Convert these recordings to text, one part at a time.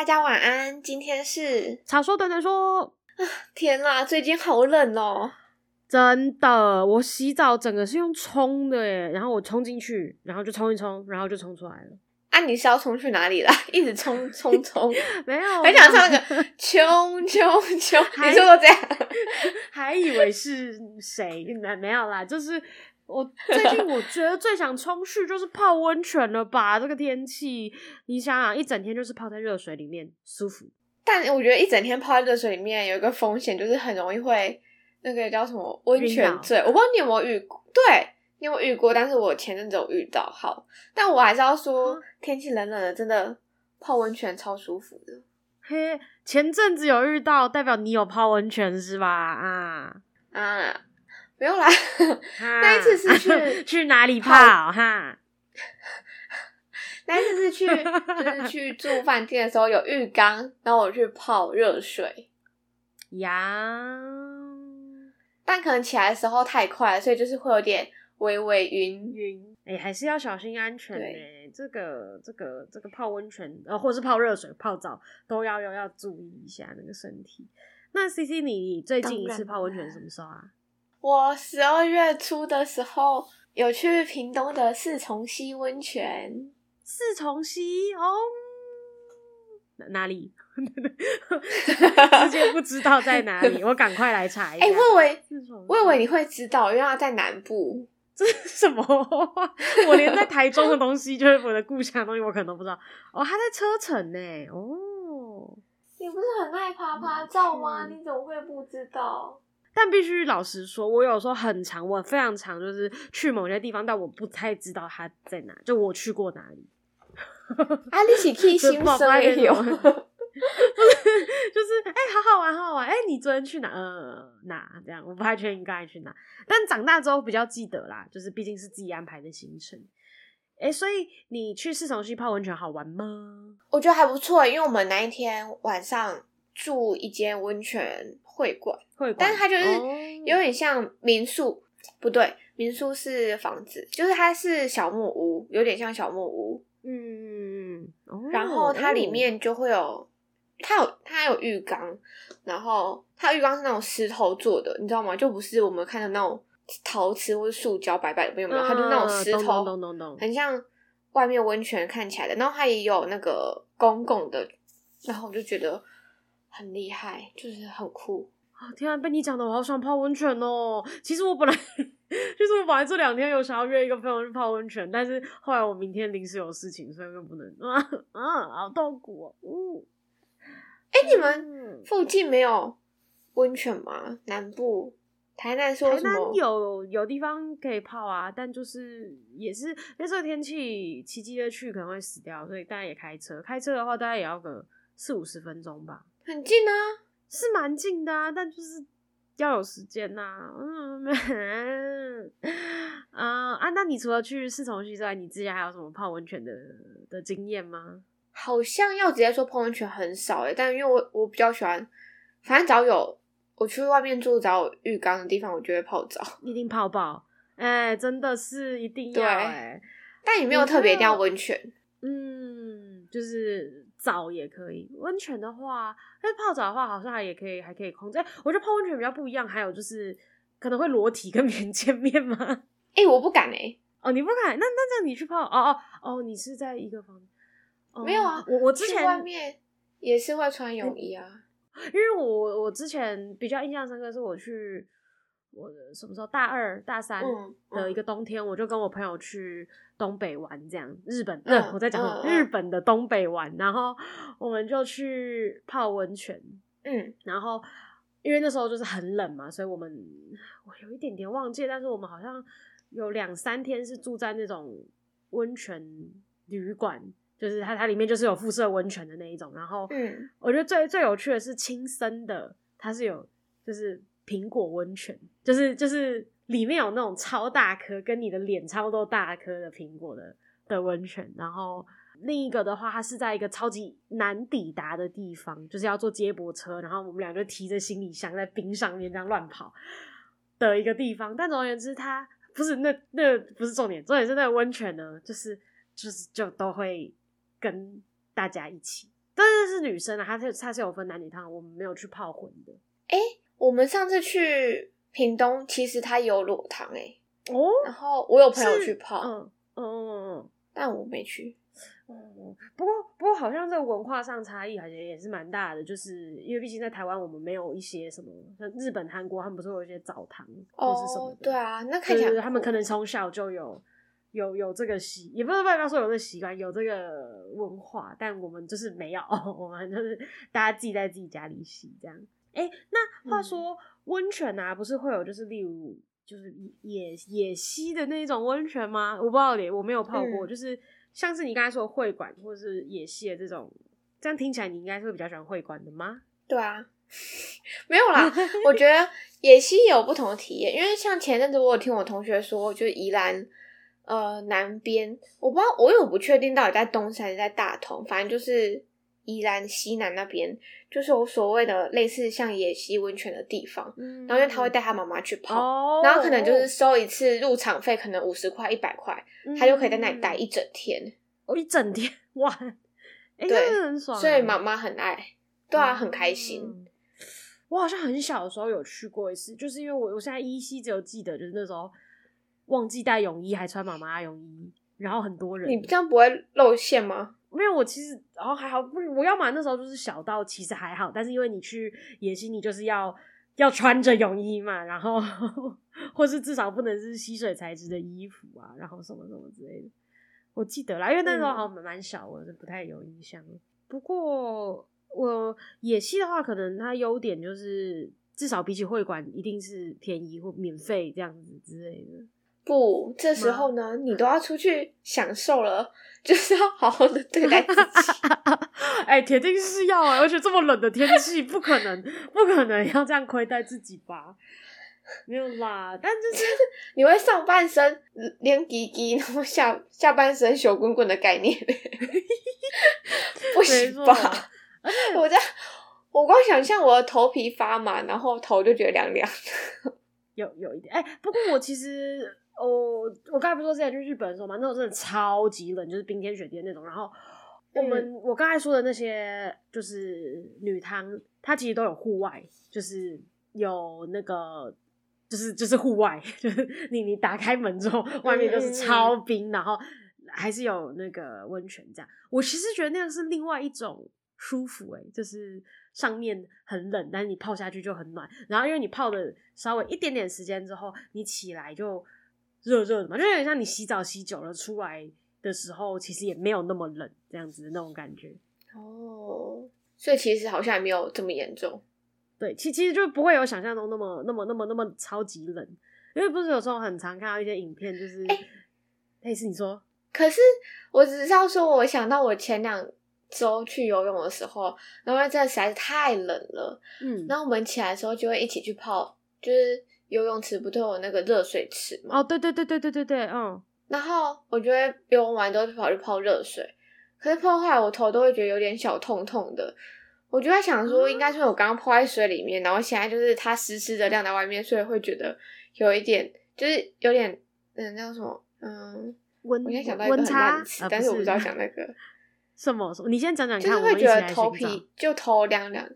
大家晚安，今天是草說短短說啊，天哪，最近好冷哦，真的，我洗澡整個是用沖的耶，然後我沖進去，然後就沖一沖，然後就沖出來了。啊你了沖沖、 那個，你是要衝去哪裡啦？一直衝衝衝，沒有，很想唱那個衝衝衝，你說的這樣，還以為是誰呢？沒有啦，就是。 我最近我覺得最想衝去就是泡溫泉了吧，這個天氣，你想想，一整天就是泡在熱水裡面，舒服。但我覺得一整天泡在熱水裡面有一個風險，就是很容易會那個叫什麼溫泉醉，我不知道你有沒有遇過，對你有，沒有遇過？但是我前陣子有遇到，好，但我還是要說，啊、天氣冷冷的，真的泡溫泉超舒服的。嘿，前陣子有遇到，代表你有泡溫泉是吧？啊啊。不用啦， 那一次是去去哪裡泡哈？ 那一次是去 就是去住飯店的時候有浴缸，然後我去泡熱水呀。但可能起來的時候太快了，所以就是會有點微微暈暈。誒、欸、還是要小心安全嘞、欸。這個這個這個泡溫泉啊、哦、或是泡熱水泡澡，都要用，要注意一下那個身體。那 C C，你最近一次泡溫泉什麼時候啊？我十二月初的時候有去屏東的四重溪溫泉。四重溪哦哪，哪裡？哈哈我也不知道在哪裡，我趕快來查一下。哎、欸，我以為，我以為你會知道，因為它在南部。這是什麼？我連在台中的東西，就是我的故鄉的東西，我可能都不知道。哦，它在車城呢。哦，你不是很愛趴趴照嗎？你怎麼會不知道？但必須老實說，我有時候很常，我非常常，就是去某些地方，但我不太知道它在哪。就我去過哪裡，啊，你起去新生也有，不、 就是，就是誒好好玩，好好玩。誒、欸、你昨天去哪？嗯、呃，哪？這樣我不太確定應該去哪。但長大之後比較記得啦，就是畢竟是自己安排的行程。誒、欸、所以你去四重溪泡溫泉好玩嗎？我覺得還不錯，因為我們那一天晚上。住一間溫泉會館，會館，但它就是有點像民宿，oh. 不對，民宿是房子，就是它是小木屋，有點像小木屋，嗯，oh. 然後它裡面就會有，它有它有浴缸，然後它浴缸是那種石頭做的，你知道嗎？就不是我們看的那種陶瓷或者塑膠白白的，沒有、uh, 沒有，它就那種石頭，no, no, no, no. 很像外面溫泉看起來的。然後它也有那個公共的，然後我就覺得。很厲害，就是很酷。天啊，被你講的我好想泡溫泉哦。其實我本來，就是我本來這兩天有想要約一個朋友去泡溫泉，但是後來我明天臨時有事情，所以又不能啊啊，好痛苦哦。嗯，哎，你們附近沒有溫泉嗎？南部台南說什麼？台南有有地方可以泡啊，但就是也是因為這個天氣，奇蹟的去可能會死掉，所以大家也開車開車的話，大概也要個四五十分鐘吧。很近啊，是蠻近的啊，但就是要有時間吶、啊。嗯啊、uh, 啊，那你除了去四重溪之外，你之前還有什麼泡溫泉的的經驗嗎？好像要直接說泡溫泉很少哎、欸，但因為我我比較喜歡，反正只要有我去外面住，只要有浴缸的地方，我就會泡澡。一定泡泡哎、欸，真的是一定要哎、欸，但也沒有特別一定要溫泉嗯。嗯，就是。澡也可以，溫泉的話，但泡澡的話好像還也可以，還可以控制。我覺得泡溫泉比較不一樣，還有就是可能會裸體跟別人見面嗎？誒、欸、我不敢誒、欸、哦，你不敢？那那這樣你去泡？哦哦哦，你是在一個房、哦？沒有啊，我我之前外面也是會穿泳衣啊，嗯、因為我我之前比較印象深刻的，是我去。我的什麼時候大二、大三的一個冬天，嗯嗯、我就跟我朋友去東北玩，這樣日本，那、嗯嗯、我在講、嗯、日本的東北玩，然後我們就去泡溫泉，嗯，然後因為那時候就是很冷嘛，所以我們我有一點點忘記，但是我們好像有兩三天是住在那種溫泉旅館，就是它它裡面就是有附設溫泉的那一種，然後嗯，我覺得最最有趣的是青森的，青森的它是有就是。蘋果溫泉，就是就是裡面有那種超大顆跟你的臉差不多大顆的蘋果的的溫泉。然後另一個的話，它是在一個超級難抵達的地方，就是要坐接駁車，然後我們兩個提着行李箱在冰上面這樣亂跑的一個地方。但總而言之它，它不是那那不是重點，重點是那個溫泉呢，就是就是就都會跟大家一起，但是是女生啊，她是她是有分男女湯，我們沒有去泡混的，誒、欸。我們上次去屏東，其實它有裸湯哎、欸，哦，然後我有朋友去泡嗯，嗯，但我沒去。嗯，不過，不過好像這個文化上差異好像也是蠻大的，就是因為畢竟在台灣，我們沒有一些什麼像日本、韓國他們不是會有一些澡堂或是什麼的，哦、對啊，那看起來、就是、他們可能從小就有有有這個習，也不是不能說有這個習慣，有這個文化，但我們就是沒有，哦、我們就是大家自己在自己家裡洗這樣。哎，那話說嗯、溫泉啊，不是會有就是例如就是野野野溪的那種溫泉嗎？我不知道，我沒有泡過、嗯，就是像是你剛才說的會館或者是野溪的這種，這樣聽起來你應該是會比較喜歡會館的嗎？對啊，沒有啦， 我覺得野溪有不同的體驗，因為像前陣子我有聽我同學說，就是宜蘭呃南邊，我不知道，我有不確定到底在東山還是在大同，反正就是。宜蘭西南那邊就是我所謂的類似像野溪溫泉的地方，嗯，然後因為他會帶他媽媽去泡，哦，然後可能就是收一次入場費，可能五十塊一百塊，嗯，他就可以在那裡待一整天，哦，一整天哇，欸，對，真的很爽，啊，所以媽媽很愛，對啊，嗯，很開心。我好像很小的時候有去過一次，就是因為我我現在依稀只有記得，就是那時候忘記帶泳衣，還穿媽媽的泳衣，然後很多人，你這樣不會露餡嗎？沒有，我其實，然、哦、後還好，不是，我要買那時候就是小到其實還好，但是因為你去野溪你就是要要穿着泳衣嘛，然後呵呵或是至少不能是吸水材質的衣服啊，然後什麼什麼之類的，我記得啦，因為那時候好像蠻、嗯、小，我是不太有印象。不過我野溪的話，可能它優點就是至少比起會館一定是便宜或免費這樣子之類的。不，這時候呢，你都要出去享受了，就是要好好的對待自己。哎、 欸，鐵定是要啊！而且這麼冷的天氣，不可能，不可能要這樣虧待自己吧？ 沒有啦，但就是 你會上半身涼滴滴，然後下下半身燒滾滾的概念， 不行吧？啊、我這我光想象，我的頭皮發麻，然後頭就覺得涼涼 有。有有一點，哎、欸，不過我其實。哦、oh，我剛才不是說之前去日本的時候嘛，那時候真的超級冷，就是冰天雪地那種。然後我們、嗯、我剛才說的那些就是女湯，它其實都有戶外，就是有那個就是就是戶外，就是你你打開門之後，外面就是超冰，嗯、然後還是有那個溫泉這樣。我其實覺得那樣是另外一種舒服、欸，誒，就是上面很冷，但是你泡下去就很暖。然後因為你泡的稍微一點點時間之後，你起來就。熱熱的嘛，就有點像你洗澡洗久了出來的時候，其實也沒有那麼冷這樣子的那種感覺哦。所以其實好像也沒有這麼嚴重，對，其其實就不會有想象中那麼那麼那麼那麼，那麼超級冷，因為不是有時候很常看到一些影片，就是、欸、類似你說，可是我只知道說，我想到我前兩周去游泳的時候，因為那真的實在是太冷了，嗯，然後我們起來的時候就會一起去泡，就是。游泳池不都有那個熱水池嘛哦，對對對對對對對，嗯、oh.。然後我覺得游泳完都是跑去泡熱水，可是泡壞我頭都會覺得有點小痛痛的。我就在想說，應該是我剛剛泡在水裡面，oh. 然後現在就是它濕濕的晾在外面，所以會覺得有一點，就是有點，嗯，叫什麼？嗯，溫我想到一個很溫差、呃，但是我不知道講那個什麼什麼。你先講講看，就是會覺得頭皮就頭涼涼的，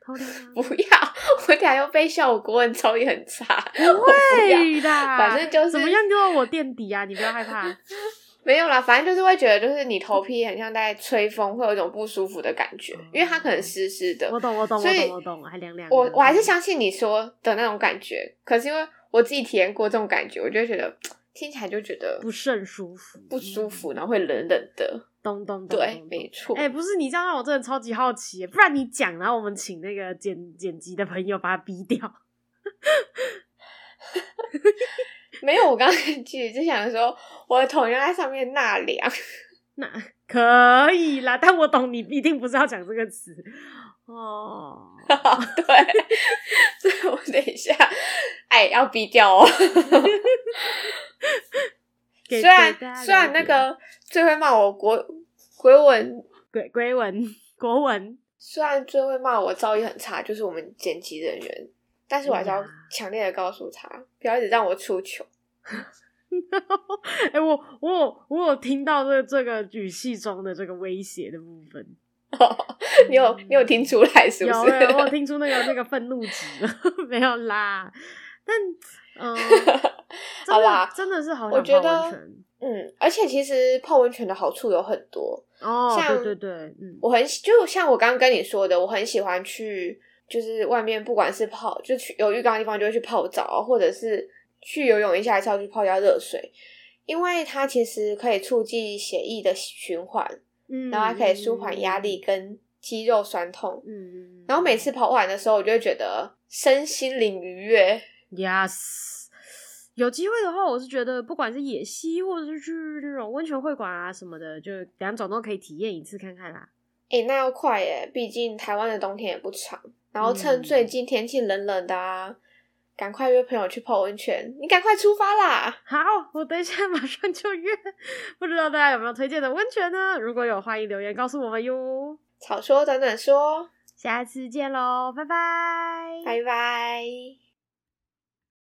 頭涼， 不要。 我等一下，又被笑我國文超也很差，不會的，反正就是怎麼樣就是我墊底啊！你不要害怕， 沒有啦，反正就是會覺得，就是你頭皮很像在吹風，會有一種不舒服的感覺，嗯、因為它可能濕濕的。我懂,我懂我，我懂，我懂，我懂，還涼涼。我我還是相信你說的那種感覺，可是因為我自己體驗過這種感覺，我就覺得。聽起來就覺得不甚舒服，不舒服，嗯，然後會冷冷的，咚咚咚，咚，咚，對，沒錯。誒、欸、不是你這樣讓我真的超級好奇，不然你講，然後我們請那個剪剪輯的朋友把它逼掉。 沒有，我剛才去，就想說，我的頭要在上面納涼， 那可以啦，但我懂你一定不是要講這個詞哦。Oh. Oh, 對， 我等一下，哎，要逼掉哦。 雖然雖然那個最會罵我國國文國鬼文、鬼鬼文國文，雖然最會罵我造詣很差，就是我們剪輯人員，但是我還是要強烈的告訴他、嗯啊，不要一直讓我出糗。哎、 no 欸，我我我有，我有聽到這這個語氣中的這個威脅的部分，哦、你有、嗯、你有聽出來是不是？有有有，我有聽出那個那個憤怒值沒有啦？但嗯。呃 好吧，真的是好。我覺得，嗯，而且其實泡溫泉的好處有很多哦，oh，像。對對對，嗯，我很喜就像我剛剛跟你說的，我很喜歡去，就是外面不管是泡，就去有浴缸的地方就會去泡澡，或者是去游泳一下，還是要去泡一下熱水，因為它其實可以促進血液的循環，嗯，然後還可以舒緩壓力跟肌肉痠痛，嗯，然後每次泡完的時候，我就會覺得身心靈愉悅，yes。有機會的話，我是覺得不管是野溪，或者是去那種溫泉會館啊什麼的，就兩種都可以體驗一次看看啦。誒、欸、那要快耶、欸，畢竟台灣的冬天也不長，然後趁最近天氣冷冷的、啊，趕、嗯、快約朋友去泡溫泉，你趕快出發啦！好，我等一下馬上就約。不知道大家有沒有推薦的溫泉呢？如果有，歡迎留言告訴我們喲。草說短短說，下次見嘍，拜拜，拜拜。